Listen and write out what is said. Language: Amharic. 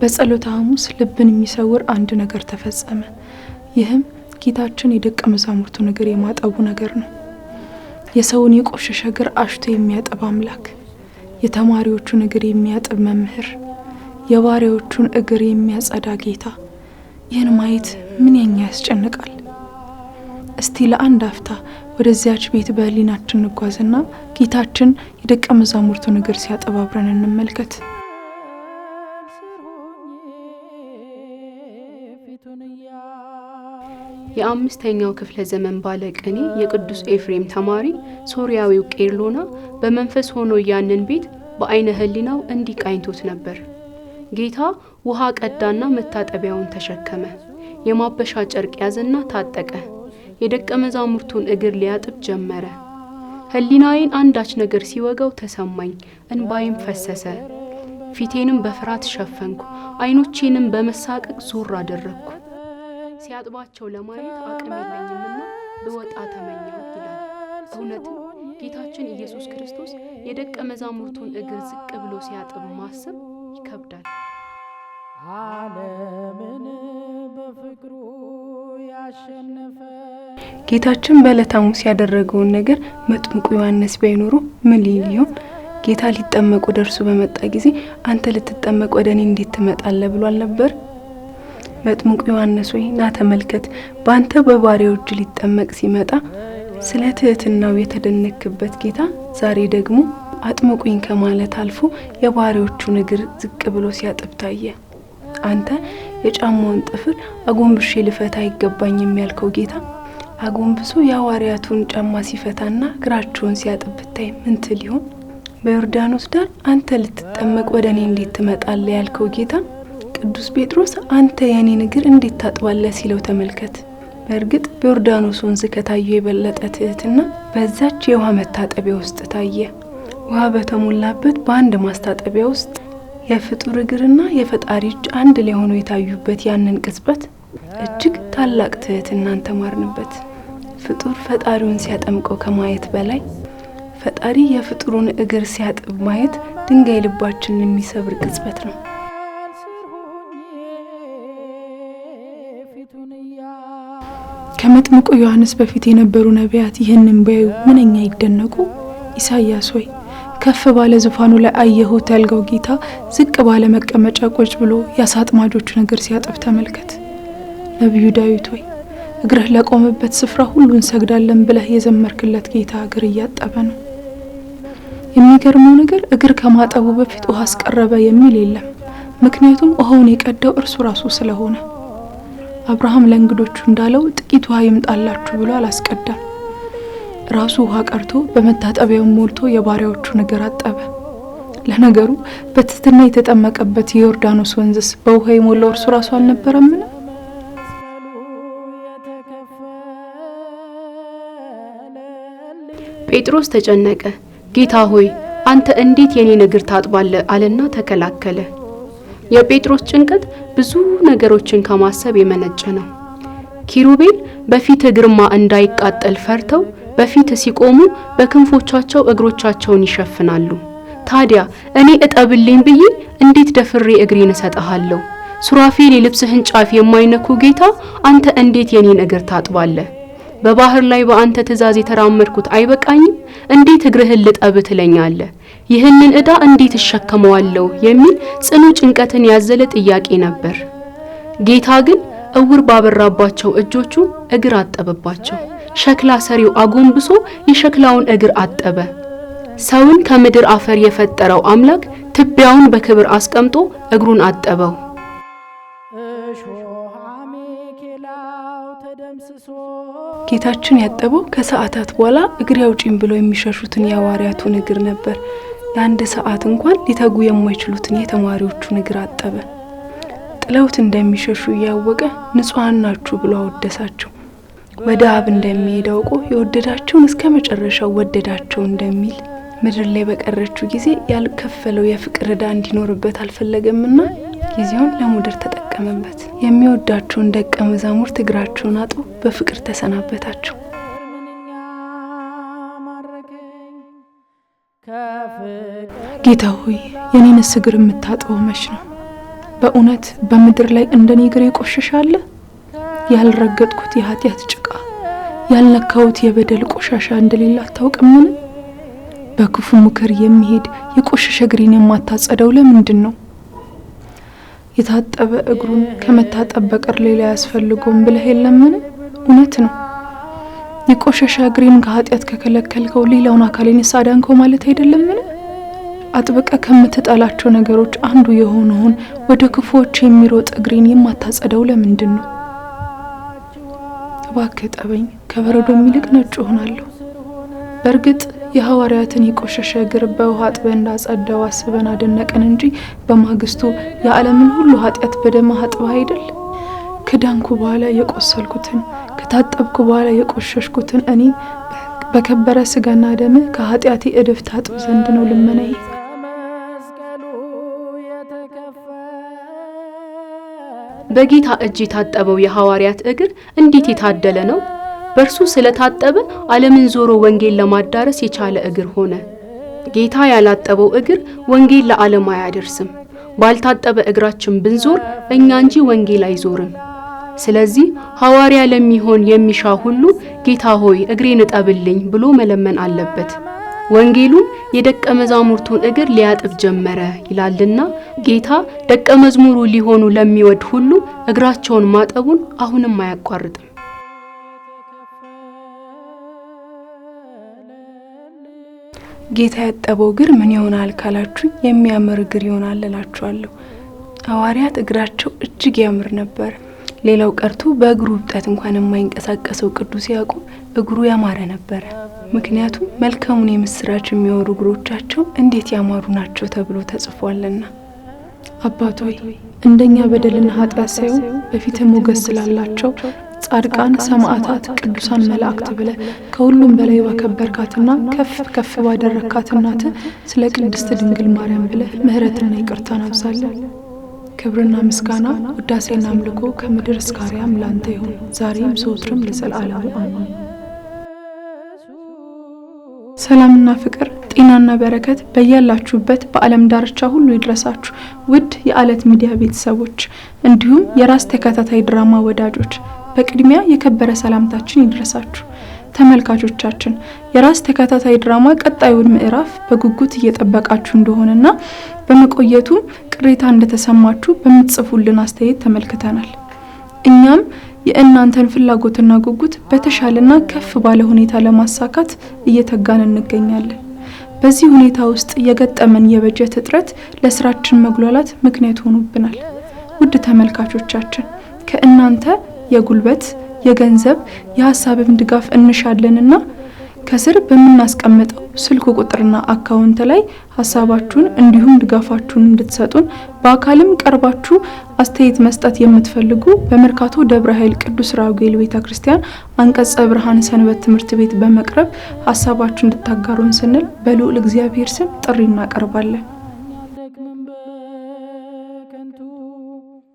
በጸሎተ ሐሙስ ልብን የሚሰውር አንድ ነገር ተፈጸመ። ይህም ጌታችን የደቀ መዛሙርቱን እግር የማጠቡ ነገር ነው። የሰውን የቆሸሸ እግር አሽቶ የሚያጥብ አምላክ፣ የተማሪዎቹን እግር የሚያጥብ መምህር፣ የባሪያዎቹን እግር የሚያጸዳ ጌታ፣ ይህን ማየት ምንኛ ያስጨንቃል። እስቲ ለአንድ አፍታ ወደዚያች ቤት በህሊናችን እንጓዝና ጌታችን የደቀ መዛሙርቱን እግር ሲያጠባብረን እንመልከት። የአምስተኛው ክፍለ ዘመን ባለቀኔ የቅዱስ ኤፍሬም ተማሪ ሶርያዊው ቄርሎና በመንፈስ ሆኖ ያንን ቤት በአይነ ህሊናው እንዲቃኝቶት ነበር። ጌታ ውሃ ቀዳና መታጠቢያውን ተሸከመ፣ የማበሻ ጨርቅ ያዘና ታጠቀ፣ የደቀ መዛሙርቱን እግር ሊያጥብ ጀመረ። ህሊናዬን አንዳች ነገር ሲወጋው ተሰማኝ፣ እንባይም ፈሰሰ። ፊቴንም በፍርሃት ሸፈንኩ፣ አይኖቼንም በመሳቀቅ ዞር አደረግኩ። ሲያጥባቸው ለማየት አቅም የለኝምና ብወጣ ተመኘው ይላል። እውነትም ጌታችን ኢየሱስ ክርስቶስ የደቀ መዛሙርቱን እግር ዝቅ ብሎ ሲያጥብ ማሰብ ይከብዳል። ዓለምን በፍቅሩ ያሸነፈ ጌታችን በዕለተ ሐሙስ ያደረገውን ነገር መጥምቁ ዮሐንስ ባይኖሩ ምን ሊል ይሆን? ጌታ ሊጠመቅ ወደ እርሱ በመጣ ጊዜ አንተ ልትጠመቅ ወደ እኔ እንዴት ትመጣለህ ብሎ አልነበር? መጥምቁ ዮሐንስ ሆይ ና ተመልከት፣ በአንተ እጅ ሊጠመቅ ሲመጣ ስለ ትህትናው የተደነክበት ጌታ ዛሬ ደግሞ አጥምቁኝ ከማለት አልፎ የባሪያዎቹን እግር ዝቅ ብሎ ሲያጥብ ታየ። አንተ የጫማውን ጥፍር አጎንብሼ ልፈታ አይገባኝም የሚያልከው ጌታ አጎንብሶ የሐዋርያቱን ጫማ ሲፈታና እግራቸውን ሲያጥብ ብታይ ምን ትል ይሆን? በዮርዳኖስ ዳር አንተ ልትጠመቅ ወደ እኔ እንዴት ትመጣለህ ያልከው ጌታ ቅዱስ ጴጥሮስ አንተ የኔን እግር እንዴት ታጥባለህ ሲለው ተመልከት። በእርግጥ በዮርዳኖስ ወንዝ ከታየ የበለጠ ትሕትና በዛች የውሃ መታጠቢያ ውስጥ ታየ። ውሃ በተሞላበት በአንድ ማስታጠቢያ ውስጥ የፍጡር እግርና የፈጣሪ እጅ አንድ ላይ ሆኖ የታዩበት ያንን ቅጽበት እጅግ ታላቅ ትሕትናን ተማርንበት። ፍጡር ፈጣሪውን ሲያጠምቀው ከማየት በላይ ፈጣሪ የፍጡሩን እግር ሲያጥብ ማየት ድንጋይ ልባችንን የሚሰብር ቅጽበት ነው። ከመጥምቁ ዮሐንስ በፊት የነበሩ ነቢያት ይህንን ቢያዩ ምንኛ ይደነቁ። ኢሳይያስ ሆይ ከፍ ባለ ዙፋኑ ላይ አየሁት ያልገው ጌታ ዝቅ ባለ መቀመጫ ቁጭ ብሎ የአሳ እግር ሲያጥብ ተመልከት። ነቢዩ ዳዊት ሆይ እግርህ ለቆመበት ስፍራ ሁሉ እንሰግዳለን ብለህ የዘመርክለት ጌታ እግር እያጠበ ነው። የሚገርመው ነገር እግር ከማጠቡ በፊት ውሃ አስቀረበ የሚል የለም። ምክንያቱም ውሃውን የቀዳው እርሱ ራሱ ስለሆነ አብርሃም ለእንግዶቹ እንዳለው ጥቂት ውሃ ይምጣላችሁ ብሎ አላስቀዳም። ራሱ ውሃ ቀርቶ በመታጠቢያውን ሞልቶ የባሪያዎቹ እግር አጠበ። ለነገሩ በትህትና የተጠመቀበት የዮርዳኖስ ወንዝስ በውሃ የሞላው እርሱ ራሱ አልነበረምን? ጴጥሮስ ተጨነቀ። ጌታ ሆይ አንተ እንዴት የኔን እግር ታጥባለ አለና ተከላከለ። የጴጥሮስ ጭንቀት ብዙ ነገሮችን ከማሰብ የመነጨ ነው። ኪሩቤል በፊት ግርማ እንዳይቃጠል ፈርተው በፊት ሲቆሙ በክንፎቻቸው እግሮቻቸውን ይሸፍናሉ። ታዲያ እኔ እጠብልኝ ብዬ እንዴት ደፍሬ እግሬን ሰጣሃለሁ! ሱራፌል የልብስህን ጫፍ የማይነኩ ጌታ፣ አንተ እንዴት የኔን እግር ታጥባለህ? በባህር ላይ በአንተ ትእዛዝ የተራመድኩት አይበቃኝም? እንዴት እግርህን ልጠብ ትለኛለህ? ይህንን ዕዳ እንዴት እሸከመዋለሁ? የሚል ጽኑ ጭንቀትን ያዘለ ጥያቄ ነበር። ጌታ ግን እውር ባበራባቸው እጆቹ እግር አጠበባቸው። ሸክላ ሰሪው አጎንብሶ የሸክላውን እግር አጠበ። ሰውን ከምድር አፈር የፈጠረው አምላክ ትቢያውን በክብር አስቀምጦ እግሩን አጠበው። እሾህ አሜኬላው ተደምስሶ ጌታችን ያጠበው ከሰዓታት በኋላ እግሬ አውጪኝ ብለው የሚሸሹትን የሐዋርያቱን እግር ነበር። ለአንድ ሰዓት እንኳን ሊተጉ የማይችሉትን የተማሪዎቹን እግር አጠበ። ጥለውት እንደሚሸሹ እያወቀ ንጹሐን ናችሁ ብሎ አወደሳቸው። ወደ አብ እንደሚሄድ አውቆ የወደዳቸውን እስከ መጨረሻው ወደዳቸው እንደሚል ምድር ላይ በቀረችው ጊዜ ያልከፈለው የፍቅር ዕዳ እንዲኖርበት አልፈለገምና ጊዜውን ለሙደር ተጠቀ ተጠቀመበት። የሚወዳችሁን ደቀ መዛሙርት እግራችሁን አጥቦ በፍቅር ተሰናበታቸው። ጌታ ሆይ የኔንስ እግር የምታጥበው መች ነው? በእውነት በምድር ላይ እንደኔ እግር አለ? ያልረገጥኩት የኃጢአት ጭቃ ያልነካሁት የበደል ቆሻሻ እንደሌለ አታውቅምን? በክፉ ምክር የሚሄድ የቆሸሸ እግሬን የማታጸደው ለምንድን ነው? የታጠበ እግሩን ከመታጠብ በቀር ሌላ ያስፈልገውም ብለህ የለምን? እውነት ነው። የቆሸሸ እግሬን ከኃጢአት ከከለከልከው ሌላውን አካሌን ሳዳንከው ማለት አይደለምን? አጥብቀ ከምትጠላቸው ነገሮች አንዱ የሆነውን ወደ ክፉዎች የሚሮጥ እግሬን የማታጸደው ለምንድን ነው? እባክህ ጠበኝ፣ ከበረዶ የሚልቅ ነጭ እሆናለሁ። በእርግጥ የሐዋርያትን የቆሸሸ እግር በውሃ አጥበ እንዳጸዳው አስበን አደነቀን እንጂ በማግስቱ የዓለምን ሁሉ ኃጢአት በደመ አጥበህ አይደል? ከዳንኩ በኋላ የቆሰልኩትን ከታጠብኩ በኋላ የቆሸሽኩትን እኔ በከበረ ስጋና ደም ከኃጢአቴ እድፍ ታጥብ ዘንድ ነው ልመናይ። በጌታ እጅ የታጠበው የሐዋርያት እግር እንዴት የታደለ ነው! በእርሱ ስለታጠበ ዓለምን ዞሮ ወንጌል ለማዳረስ የቻለ እግር ሆነ። ጌታ ያላጠበው እግር ወንጌል ለዓለም አያደርስም። ባልታጠበ እግራችን ብንዞር እኛ እንጂ ወንጌል አይዞርም። ስለዚህ ሐዋርያ ለሚሆን የሚሻ ሁሉ ጌታ ሆይ እግሬን እጠብልኝ ብሎ መለመን አለበት። ወንጌሉን የደቀ መዛሙርቱን እግር ሊያጥብ ጀመረ ይላልና ጌታ ደቀ መዝሙሩ ሊሆኑ ለሚወድ ሁሉ እግራቸውን ማጠቡን አሁንም አያቋርጥም። ጌታ ያጠበው እግር ምን ይሆናል ካላችሁ የሚያምር እግር ይሆናል እላችኋለሁ። ሐዋርያት እግራቸው እጅግ ያምር ነበር። ሌላው ቀርቶ በእግሩ እብጠት እንኳን የማይንቀሳቀሰው ቅዱስ ያዕቆብ እግሩ ያማረ ነበረ። ምክንያቱም መልካሙን የምስራች የሚያወሩ እግሮቻቸው እንዴት ያማሩ ናቸው ተብሎ ተጽፏልና። አባቶይ እንደኛ በደልና ኃጢአት ሳይሆን በፊትህ ሞገስ ስላላቸው ጻድቃን፣ ሰማዕታት፣ ቅዱሳን መላእክት ብለ ከሁሉም በላይ ባከበርካትና ከፍ ከፍ ባደረካት እናት ስለ ቅድስት ድንግል ማርያም ብለ ምሕረትና ይቅርታን አብዛለን። ክብርና ምስጋና ውዳሴና አምልኮ ከምድር እስከ አርያም ላንተ ይሁን ዛሬም ሰውትርም ለዘላለሙ አሜን። ሰላምና ፍቅር ጤናና በረከት በያላችሁበት በዓለም ዳርቻ ሁሉ ይድረሳችሁ። ውድ የአለት ሚዲያ ቤተሰቦች እንዲሁም የራስ ተከታታይ ድራማ ወዳጆች በቅድሚያ የከበረ ሰላምታችን ይድረሳችሁ ተመልካቾቻችን። የራስ ተከታታይ ድራማ ቀጣዩን ምዕራፍ በጉጉት እየጠበቃችሁ እንደሆነና በመቆየቱ ቅሬታ እንደተሰማችሁ በምትጽፉልን አስተያየት ተመልክተናል። እኛም የእናንተን ፍላጎትና ጉጉት በተሻለና ከፍ ባለ ሁኔታ ለማሳካት እየተጋን እንገኛለን። በዚህ ሁኔታ ውስጥ የገጠመን የበጀት እጥረት ለስራችን መጉላላት ምክንያት ሆኖብናል። ውድ ተመልካቾቻችን ከእናንተ የጉልበት፣ የገንዘብ፣ የሀሳብም ድጋፍ እንሻለንና ከስር በምናስቀምጠው ስልክ ቁጥርና አካውንት ላይ ሀሳባችሁን እንዲሁም ድጋፋችሁን እንድትሰጡን በአካልም ቀርባችሁ አስተያየት መስጠት የምትፈልጉ በመርካቶ ደብረ ኃይል ቅዱስ ራጉኤል ቤተ ክርስቲያን አንቀጸ ብርሃን ሰንበት ትምህርት ቤት በመቅረብ ሀሳባችሁ እንድታጋሩን ስንል በልዑል እግዚአብሔር ስም ጥሪ እናቀርባለን።